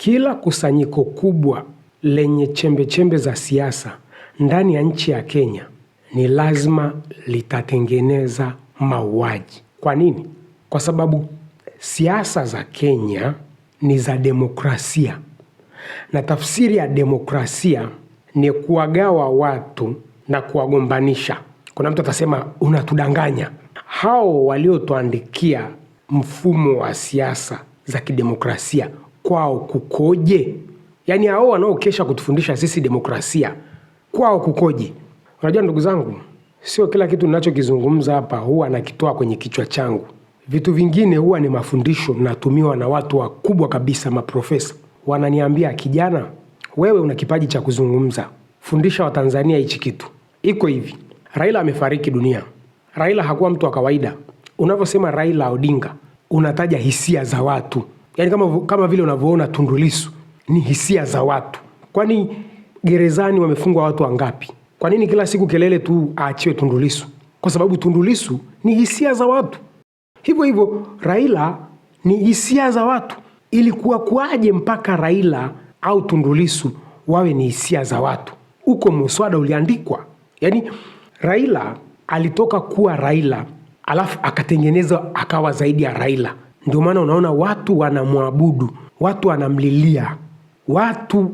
Kila kusanyiko kubwa lenye chembe chembe za siasa ndani ya nchi ya Kenya ni lazima litatengeneza mauaji. Kwa nini? Kwa sababu siasa za Kenya ni za demokrasia, na tafsiri ya demokrasia ni kuwagawa watu na kuwagombanisha. Kuna mtu atasema unatudanganya. Hao waliotuandikia mfumo wa siasa za kidemokrasia kwao kukoje? Yaani hao wanaokesha kutufundisha sisi demokrasia kwao kukoje? Unajua ndugu zangu, sio kila kitu ninachokizungumza hapa huwa nakitoa kwenye kichwa changu. Vitu vingine huwa ni mafundisho natumiwa na watu wakubwa kabisa, maprofesa. Wananiambia, kijana, wewe una kipaji cha kuzungumza, fundisha Watanzania hichi kitu. Iko hivi, Raila amefariki dunia. Raila hakuwa mtu wa kawaida. Unavyosema Raila Odinga, unataja hisia za watu yaani kama, kama vile unavyoona Tundu Lissu ni hisia za watu. Kwani gerezani wamefungwa watu wangapi? Kwa nini kila siku kelele tu aachiwe Tundu Lissu? Kwa sababu Tundu Lissu ni hisia za watu. Hivyo hivyo Raila ni hisia za watu. Ilikuwa kuaje mpaka Raila au Tundu Lissu wawe ni hisia za watu? Huko muswada uliandikwa, yaani Raila alitoka kuwa Raila alafu akatengenezwa akawa zaidi ya Raila. Ndio maana unaona watu wanamwabudu, watu wanamlilia, watu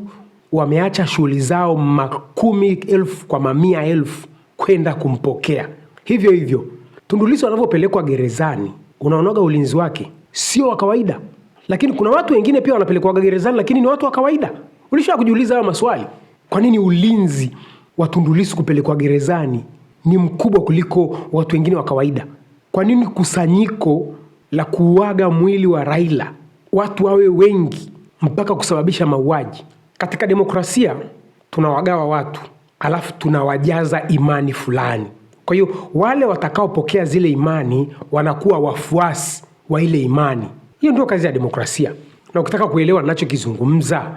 wameacha shughuli zao makumi elfu kwa mamia elfu kwenda kumpokea. Hivyo hivyo Tundu wanavyopelekwa gerezani, unaonaga ulinzi wake sio wa kawaida, lakini kuna watu wengine pia wanapelekwaga gerezani, lakini ni watu wa kawaida. Ulisha kujiuliza hayo maswali? Kwa nini ulinzi wa tundulisi kupelekwa gerezani ni mkubwa kuliko watu wengine wa kawaida? Kwa nini kusanyiko la kuuaga mwili wa Raila, watu wawe wengi mpaka kusababisha mauaji. Katika demokrasia tunawagawa watu alafu tunawajaza imani fulani. Kwa hiyo wale watakaopokea zile imani wanakuwa wafuasi wa ile imani. Hiyo ndio kazi ya demokrasia, na ukitaka kuelewa ninachokizungumza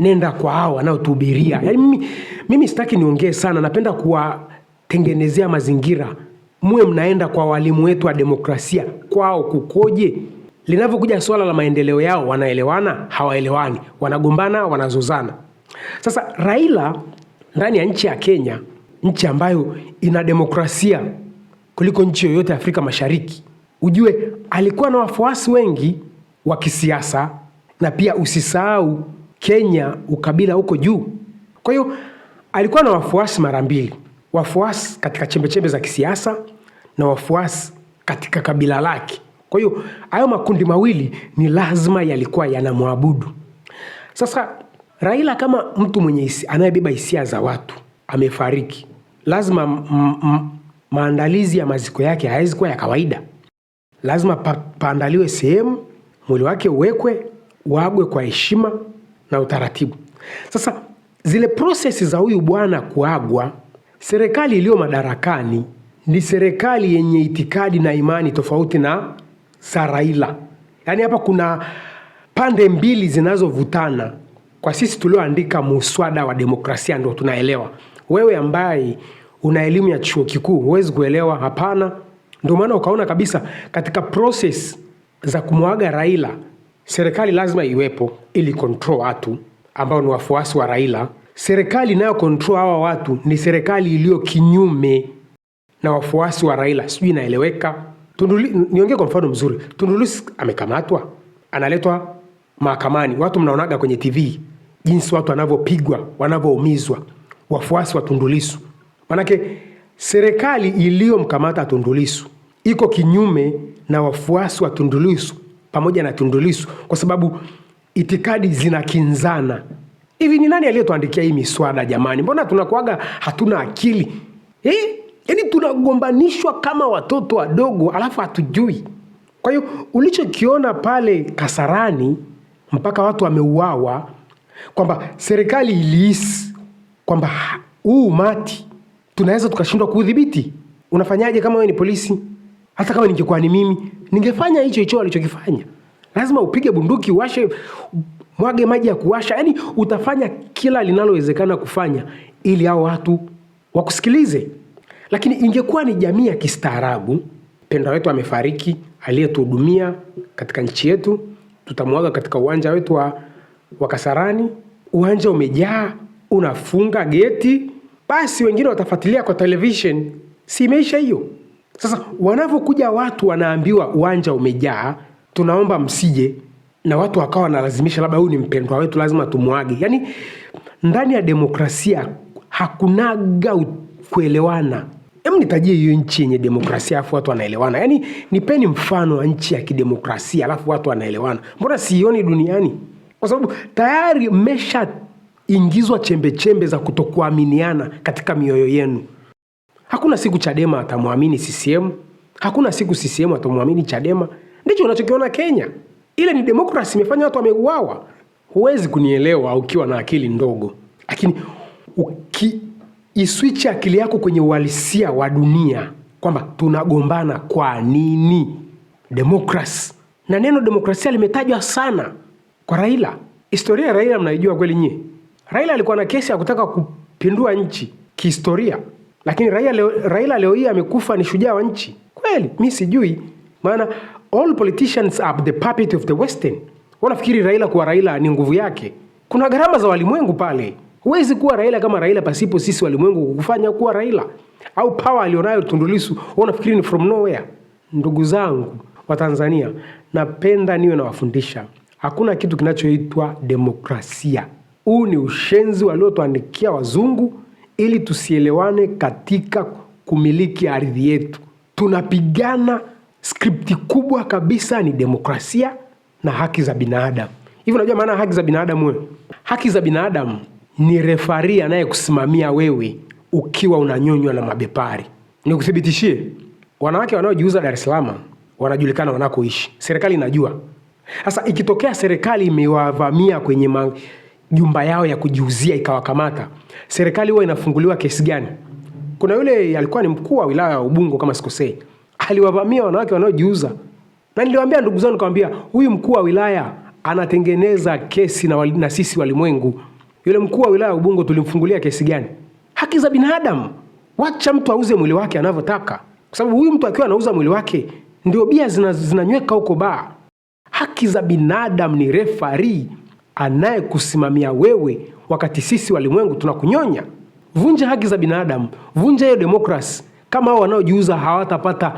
nenda kwa hao wanaotuhubiria. Yaani mimi, mimi sitaki niongee sana, napenda kuwatengenezea mazingira muwe mnaenda kwa walimu wetu wa demokrasia, kwao kukoje? Linavyokuja swala la maendeleo yao, wanaelewana? Hawaelewani, wanagombana, wanazozana. Sasa Raila ndani ya nchi ya Kenya, nchi ambayo ina demokrasia kuliko nchi yoyote Afrika Mashariki, ujue alikuwa na wafuasi wengi wa kisiasa, na pia usisahau Kenya ukabila uko juu. Kwa hiyo alikuwa na wafuasi mara mbili wafuasi katika chembechembe za kisiasa na wafuasi katika kabila lake. Kwa hiyo hayo makundi mawili ni lazima yalikuwa yanamwabudu. Sasa Raila kama mtu mwenye anayebeba hisia za watu amefariki, lazima maandalizi ya maziko yake hayawezi kuwa ya kawaida. Lazima pa paandaliwe sehemu, mwili wake uwekwe, uagwe kwa heshima na utaratibu. Sasa zile prosesi za huyu bwana kuagwa serikali iliyo madarakani ni serikali yenye itikadi na imani tofauti na za Raila. Yaani hapa kuna pande mbili zinazovutana. Kwa sisi tulioandika muswada wa demokrasia ndio tunaelewa. Wewe ambaye una elimu ya chuo kikuu huwezi kuelewa, hapana. Ndio maana ukaona kabisa katika process za kumwaga Raila, serikali lazima iwepo ili control watu ambao ni wafuasi wa Raila serikali inayo control hawa watu ni serikali iliyo kinyume na wafuasi wa Raila. Sijui inaeleweka? Niongee kwa mfano mzuri, Tundu amekamatwa, analetwa mahakamani. Watu mnaonaga kwenye TV jinsi watu wanavyopigwa, wanavyoumizwa, wafuasi wa tundulisu Manake serikali iliyomkamata tundulisu iko kinyume na wafuasi wa tundulisu pamoja na tundulisu kwa sababu itikadi zinakinzana. Hivi ni nani aliyetuandikia hii miswada jamani? Mbona tunakuaga hatuna akili eh? Yaani tunagombanishwa kama watoto wadogo, alafu hatujui. Kwa hiyo ulichokiona pale Kasarani mpaka watu wameuawa, kwamba serikali ilihisi kwamba huu umati tunaweza tukashindwa kuudhibiti. Unafanyaje kama wewe ni polisi? Hata kama ningekuwa ni mimi ningefanya hicho hicho alichokifanya. Lazima upige bunduki, washe mwage maji ya kuwasha, yani utafanya kila linalowezekana kufanya ili hao watu wakusikilize. Lakini ingekuwa ni jamii ya kistaarabu, pendwa wetu amefariki, aliyetuhudumia katika nchi yetu, tutamwaga katika uwanja wetu wa, wa Kasarani. Uwanja umejaa, unafunga geti, basi wengine watafuatilia kwa television, si imeisha hiyo? Sasa wanavyokuja watu wanaambiwa uwanja umejaa, tunaomba msije na watu wakawa wanalazimisha, labda huyu ni mpendwa wetu, lazima tumwage. Yani ndani ya demokrasia hakunaga kuelewana. Hebu nitajie hiyo nchi yenye demokrasia alafu watu wanaelewana. Yani nipeni mfano wa nchi ya kidemokrasia alafu watu wanaelewana, mbona siioni duniani? Kwa sababu tayari mmeshaingizwa chembechembe za kutokuaminiana katika mioyo yenu. Hakuna siku Chadema atamwamini CCM, hakuna siku CCM atamwamini Chadema. Ndicho unachokiona Kenya. Ile ni demokrasi, imefanya watu wameuawa. Huwezi kunielewa ukiwa na akili ndogo, lakini ukiiswichi akili yako kwenye uhalisia wa dunia kwamba tunagombana kwa nini? Demokrasi na neno demokrasia limetajwa sana kwa Raila. Historia ya Raila mnaijua kweli nyie? Raila alikuwa na kesi ya kutaka kupindua nchi kihistoria, lakini Raila leo, hii amekufa, ni shujaa wa nchi kweli. Mi sijui maana all politicians are the puppet of the western. Wanafikiri Raila kuwa Raila ni nguvu yake. Kuna gharama za walimwengu pale. Huwezi kuwa Raila kama Raila pasipo sisi walimwengu kukufanya kuwa Raila, au power alionayo tundulisu wanafikiri ni from nowhere? Ndugu zangu wa Tanzania, napenda niwe nawafundisha hakuna kitu kinachoitwa demokrasia. Huu ni ushenzi waliotuandikia wazungu ili tusielewane katika kumiliki ardhi yetu. Tunapigana Skripti kubwa kabisa ni demokrasia na haki za binadamu. Hivi unajua maana haki za binadamu wewe? Haki za binadamu ni refari anayekusimamia wewe ukiwa unanyonywa na mabepari. Nikuthibitishie, wanawake wanaojiuza Dar es Salaam wanajulikana wanakoishi, serikali inajua. Sasa ikitokea serikali imewavamia kwenye majumba yao ya kujiuzia ikawakamata, serikali huwa inafunguliwa kesi gani? Kuna yule alikuwa ni mkuu wa wilaya ya Ubungo kama sikosei aliwavamia wanawake wanaojiuza, na niliwaambia ndugu zangu, nikamwambia huyu mkuu wa wilaya anatengeneza kesi na, wali, na sisi walimwengu. Yule mkuu wa wilaya Ubungo tulimfungulia kesi gani? Haki za binadamu. Wacha mtu auze mwili wake anavyotaka, kwa sababu huyu mtu akiwa anauza mwili wake ndio bia zinanyweka huko baa. Haki za binadamu ni refari anayekusimamia wewe, wakati sisi walimwengu tunakunyonya. Vunja haki za binadamu, vunja hiyo demokrasi. Kama hao wanaojiuza hawatapata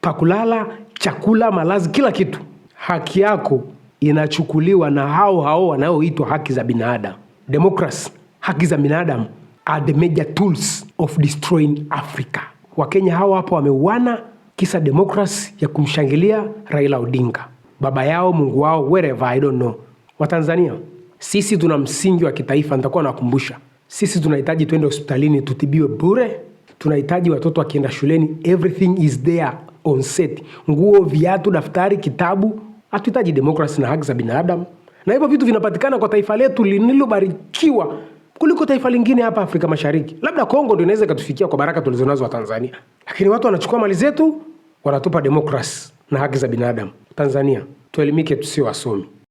pakulala, chakula, malazi, kila kitu, haki yako inachukuliwa na hao hao wanaoitwa haki za binadamu. Democracy, haki za binadamu are the major tools of destroying Africa. Wakenya hao hapa wameuana kisa democracy ya kumshangilia Raila Odinga, baba yao, Mungu wao, wherever I don't know. Watanzania sisi tuna msingi wa kitaifa, nitakuwa nakumbusha, sisi tunahitaji tuende hospitalini tutibiwe bure tunahitaji watoto wakienda shuleni, everything is there on set: nguo, viatu, daftari, kitabu. Hatuhitaji demokrasi na haki za binadamu, na hivyo vitu vinapatikana kwa taifa letu linilobarikiwa kuliko taifa lingine hapa Afrika Mashariki. Labda Kongo ndio inaweza ikatufikia kwa baraka tulizonazo wa Tanzania, lakini watu wanachukua mali zetu, wanatupa demokrasi na haki za binadamu. Tanzania tuelimike, tusio wasomi.